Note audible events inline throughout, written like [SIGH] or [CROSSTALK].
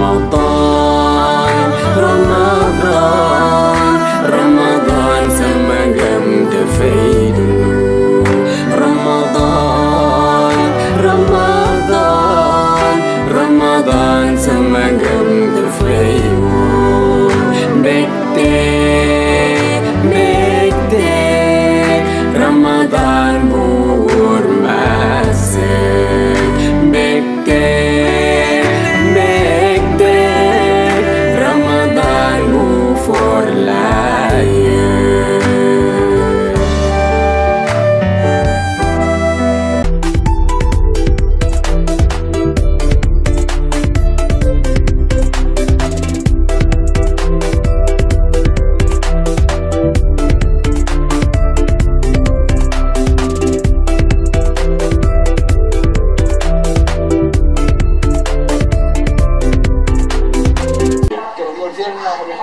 màu to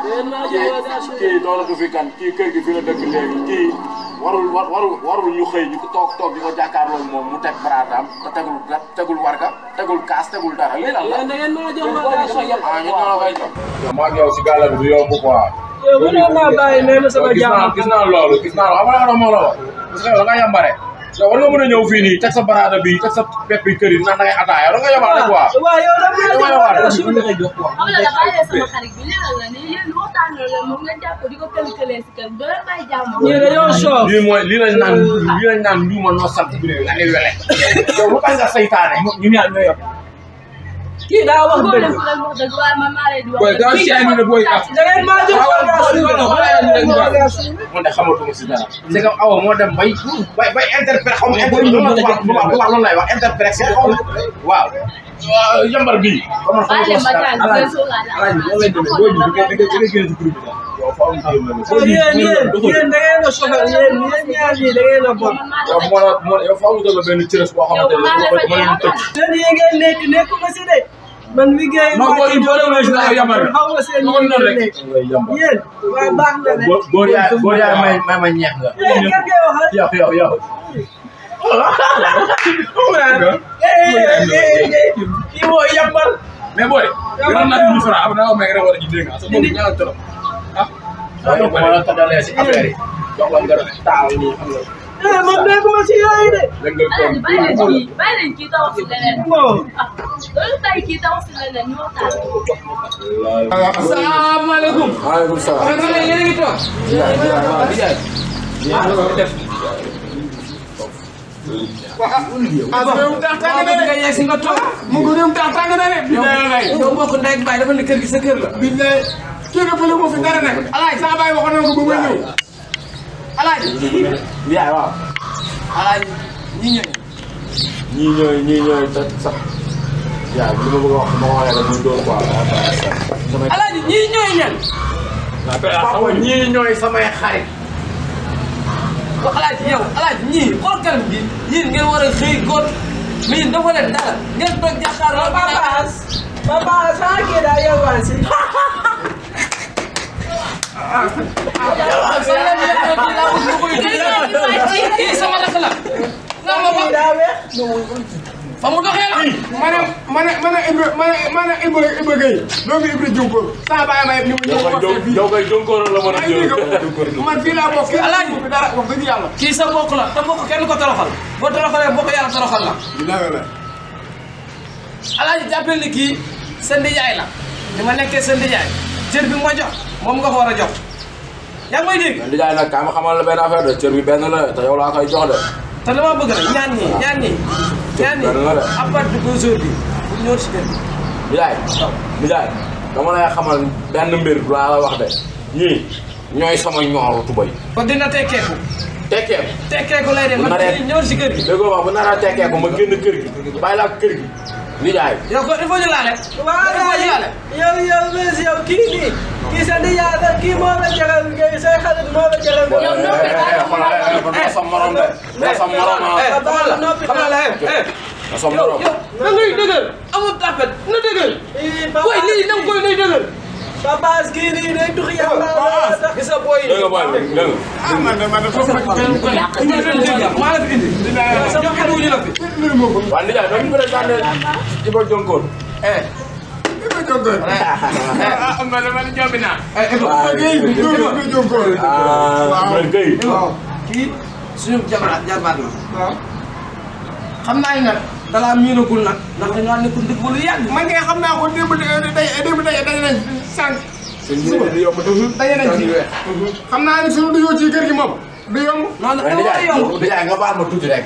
kii kii doon du fi gan kii kër gi fi la dëkk léegi kii warul warul warul ñu xëy toog toog di ko jàkkaarloo moom mu teg baraadaam te tegul tegul warga tegul kaas tegul dara lii lan la. da ngeen a jox ma laa soxla ah ñu doon koy jox. maa ngi yow si gàllankoor bi yomb quoi. mënoo gis naa yambare. te war nga mën a ñëw fii nii teg sa baraada bi teg sa pepp yi kër yi ndax da ngay ataaya da nga yobaate ah, quoi. waaw yow da nga yobaate da nga yobaate. sama xarit bi leeral la ni yéen moo tànn la moom nga jàpp di ko kël-këlee si kër doo leen bàyyi jàmm. ñu ne yow soof lii mooy lii lañ naan lii lañ naan nduuma noo sant. nga ne wele [LAUGHS] yow lu tax nga saytaane ñu ñaan ñoo yokk kii daa wax dëgg booy gaaw si ay ne booy ah. da ngeen maa jóg wala man de xamatuma si dara. c'est que awa moo dem bay bay bay interprète xaw ma interprète loolu lay wax interprète c'est xaw ma waaw. yambar bii. yéen yéen yéen da ngeen a soxla yéen yéen ñaar ñii da ngeen a bon. waaw moo la moo yow faaw mu doon benn cërës boo xamante ne moom mooy leen tëj. yéen yi ngeen nekk nekkuma si de. man liggéey ma ko ñu doon wéy si la yamar xaw ma seen ñu doon rek yéen waaw baax na rek góor yaay góor yaay may may ma ñeex nga yow yow yow kii moo yambal mais booy gënoon naa fi ñu fara am naa may rek war a ji dégg nga waaye boo la ko dalee si affaire yi jox la nga taal nii xam nga. eh man nekkuma si yooyu de. léeg-léeg bàyyi leen kii bàyyi leen kii taw si leneen. loolu tey kii taw si leneen ñoo taal. asalaamaaleykum. maaleykum salaam. kon nag yéen a ngi toog. waaw waaw waaw waaw kii rek fële wu fi dara nag alaaj sama baay waxoon na ko ba muy ñëw alaaj. yaay waaw. alaaj ñii ñooy. ñii ñooy ñii ñooy sax yaa li ma bëgg a wax ma waxee rek muy dóor quoi. alaaj ñii ñooy ñan. papa ñii ñooy samay xarit. waaw alaaj yow alaaj ñii xoolkal bi ñii ngeen war a xëy góor mi dafa leen dara ngeen toog jàkkaarloo. papa As papa As ah kii daal yow waa si. [LAUGHS] sama rakk la. ma ko fa mu doxee la. ma ne ma ne ma ne Ibra ma ne ma ne Ibra Ibra Gueye. doomu Ibra Jonkor. ko waxee fii. yow kay Jonkor la mën a jël sa bokk la te bokk ko toroxal. boo toroxalee bokk yàlla toroxal la. alaaji jàppale ni kii sa ndijaay la. ni ma nekkee sa ndijaay. cër bi ma jox moom nga ko war a jox yaa ngi may dégg. mais Ndiaye la benn affaire de cër bi benn la te yow laa jox de. te li ma bëgg rek ñaan ñi ñaan ñi. ñaan ñi à partir d'aujourd'hui bu ñëw laa la wax de ñii ñooy sama ñooru tubay. kon dina tekkeeku. tekkeeku. tekkeeku lay de man ñëw kër gi. déggoo a tekkeeku ma génn kër gi bàyyi laa kër gi. nijaay. yow il faut ñu laale. waaw laale yow yow Mbese yow kii nii. kii sa nijaay la kii moo la jaral ngay say xarit moo la jaral. yow noppi laa sa morom de. Eh, sa morom eh, ah. noppi eh, laa la na sa morom. na ngay dëgër amul tapet na dëgër. lii na nga koy nay dëgër. Papa kii nii day tux yàlla. sa boy dégg nga boy bi dégg nga. man de man de foofu la la fi indi. dinaa sama xarit wu ñu la fi. waaw Ndiaye doon présenté Iba Jonkoon. Iba Jonkoon. ah man de man ñoom naa. waaw Iba Jonkoon. waaw waaw kii suñu jabar jarbaat la. waaw xam naa nag. dalaa miinagul nag. ndax dañoo nekkul dëkk bu lu yàgg. man de xam naa ko démb day démb day day nañ sànq. seen yéen di yomb daje nañ ci xam naa ne suñu duyoo ci kër gi moom du yomb. non non dafa yomb di jaay nga baal ma tuuti rek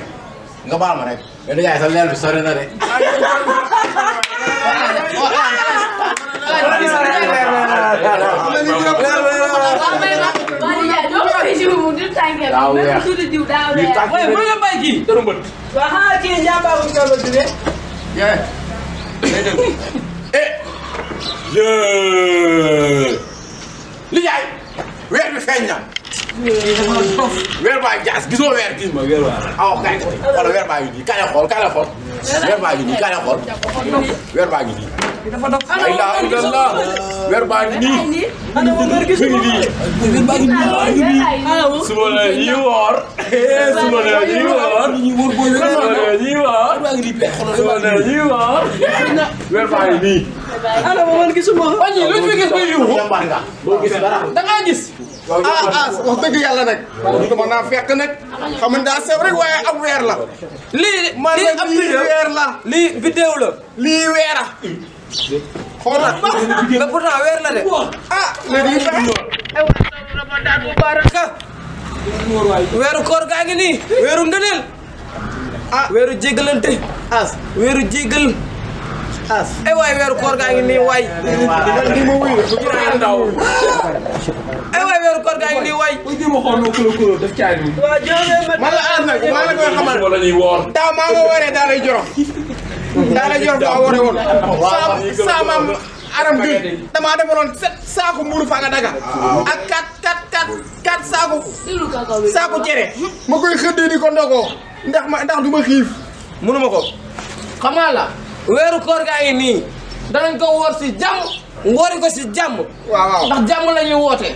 nga baal ma rek. mais di jaay sa leer bi sori na de. daa weex lii tànk bi mooy la mbay kii. dërëm bët. waaw xanaa kii njàmbaaru li jaay weer bi feeñ na. weer baa ngi jaas gisoo weer bii ma ah, weer baa ngi. aw kaay xool weer baa ngi nii kaay xool kaay xool. weer baa ngi nii kaay xool. weer baa ngi nii. ay laa ay laa weer baa ngi nii. weer baa ngi nii. suba la ñuy woor. suba la ñuy woor. suba la ñuy woor. suba la ñuy woor. weer baa ngi nii. ana ma man gisuma. wàññi lu ñu fi gis muy yuuxu. boo gis dara da ngaa gis. ah ah wax yàlla nag. waaw mën naa fekk weer la. lii lii ab weer la lii vidéo la. lii weer a. xoolal ah, mais pourtant weer la de. ah léegi koor gaa ngi nii. weeru ngëneel. ah weeru jégalante. as weeru jégal. as ay eh waay weeru koor gaa ngi nii waay ndaw eh weeru koor gaa ngi nii waay ma xool noo kolo kolo def caay bi waaw jërëjëf man la as nag maa la koy xamal wala ñuy woor daaw maa nga wooree daa lay jorof daa lay jorof daa woore woon saa maam aram gëy damaa defaroon sept saaku mburu fa nga a ak kat kat kat kat saaku saaku cere ma koy xëddee di ko ndogoo ndax ma ndax du ma xiif ma ko xamaa la weeru koor gaa ngi nii danañ ko woor si jàmm woori ko si jàmm. waaw ndax jàmm lañuy woote.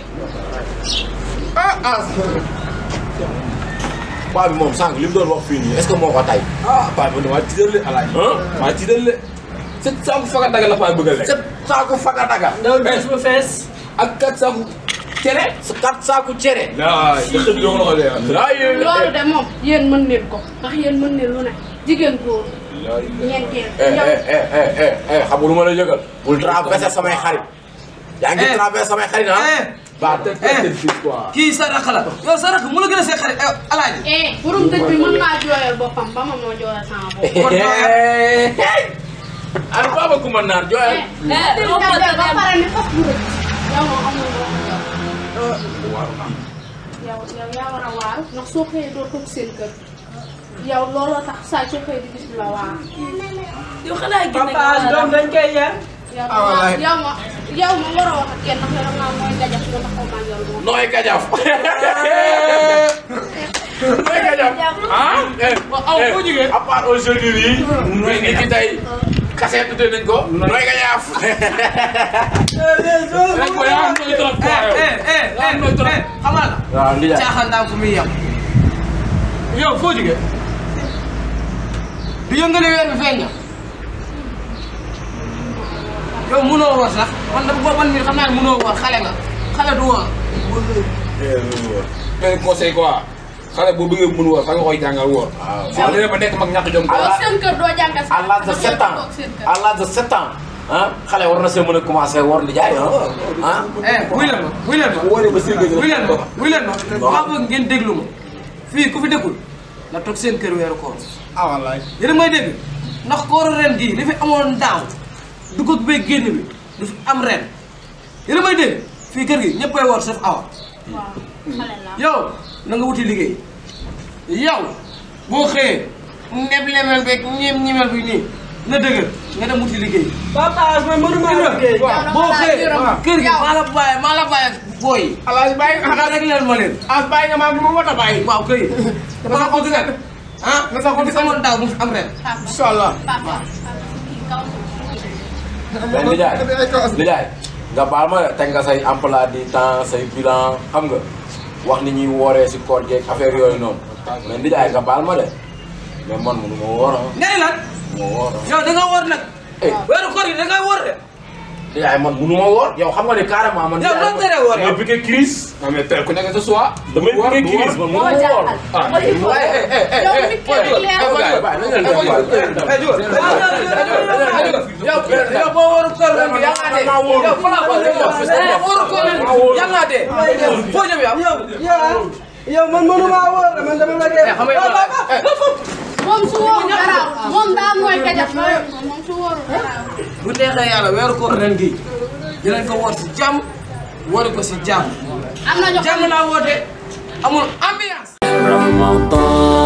ah ah. paa bi moom sànq li mu doon wax fii nii est-ce que moo ko tay. ah paa bi maa tiital le alaay. maa tiital le. sëb saako faga daga la paa bëgg a lekk. sëb saako daga. dawal bés eh. bu fees. ak kat saako. cere sa quatre saaku cere. laay dëkk bi dama la ko dee ah. laay loolu de moom yéen mën leen ko ndax yéen mën leen lu ne jigéen góor. ñeenteel ñoom. Eh, eh, eh, xam nga lu ma la yëgal. bul traversé samay xarit. yaa ngi traversé samay xarit ah. ba te te fii quoi. kii sa rakk la yow sa rakk mu la gën a see xarit alaaji. borom dëj bi mën naa jooyal boppam ba ma moo jooyal sama bopp. ana baba ku ma naan jooyal. ba pare ni fas waaw yow yow yaa war a waaru ndax soo xëyee doo toog seen kër yow looloo tax saa soo xëyee di gis la waar. yow xanaa gis nañ ko doom dañ koy yar. ah walaay yow ma yow ma war a wax ak kenn ndax yow mooy gajaf nga taxaw maa yow moom. [LAUGHS] Eh, nooy gajaf. nooy gajaf ah. ah aw eh, foo jógee à part aujourd'hui bii. Hmm. nooy gajaf kase tuddee nañ ko. nooy nga yaaf. rek ko nooy trop quoi nooy trop xamal la. naa ko muy yem. yow foo jugee. du bi feeñ na. yow mënoo woor sax man dafa boobu man mii xam naa ne mënoo woor xale nga xale du woor. mënoo xale boo bëggee mën woor fa nga koy jàngal woor. waaw dina ba nekk mag ñàkk jom. seen doo jàngal à l'âge de sept ans à l'âge de sept ans. ah xale war na see mën a commencé woor li jaay ah. wuy leen ma wuy leen ma. wooree ba ma wuy leen fii ku fi dëkkul na seen kër weeru koor. ah wallaay yéen ndax kooru ren gii li fi amoon daaw dugub bee génn bi du fi am ren yéen may fii kër gi ñëppay woor sauf awa. yow. na nga wuti liggéey yow boo xëyee neb lemel beeg ñeem ñemel bi nii na dëgër nga dem wuti liggéey. boo xëyee kër gi maa la bàyyi maa la bàyyi booy yi. alaas bàyyi rek leen ma leen. as bàyyi nga maa ma war a waaw kër yi damaa ko gën ah nga sax mu am ren. incha allah waaw. nga baal ma teg say emploi du temps say bilan xam nga. wax ni ñuy wooree si koor geeg affaire yooyu noonu mais ndi daay nga baal ma de mais man mënu ma woor ah. nga ne lan. ma woor ah gi eh. da nga woor de. yaay man munu ma woor yow xam nga ne carrément man. yow loolu tere woor yow piqué crise. non mais ku nekk sa soir. damay piqué crise man munu ma woor. ah mais mu waay eh eh eh. yow nit ki yow yow yow man mënu maa woor man dama la dee. moom su wóorul garaaw moom daal mooy gajab moom su wóorul garaaw. bu neexee yàlla weeru koor ren gi dinañ ko woor si jàmm wari ko si jàmm. am na jox jàmm laa woote amul ambiance.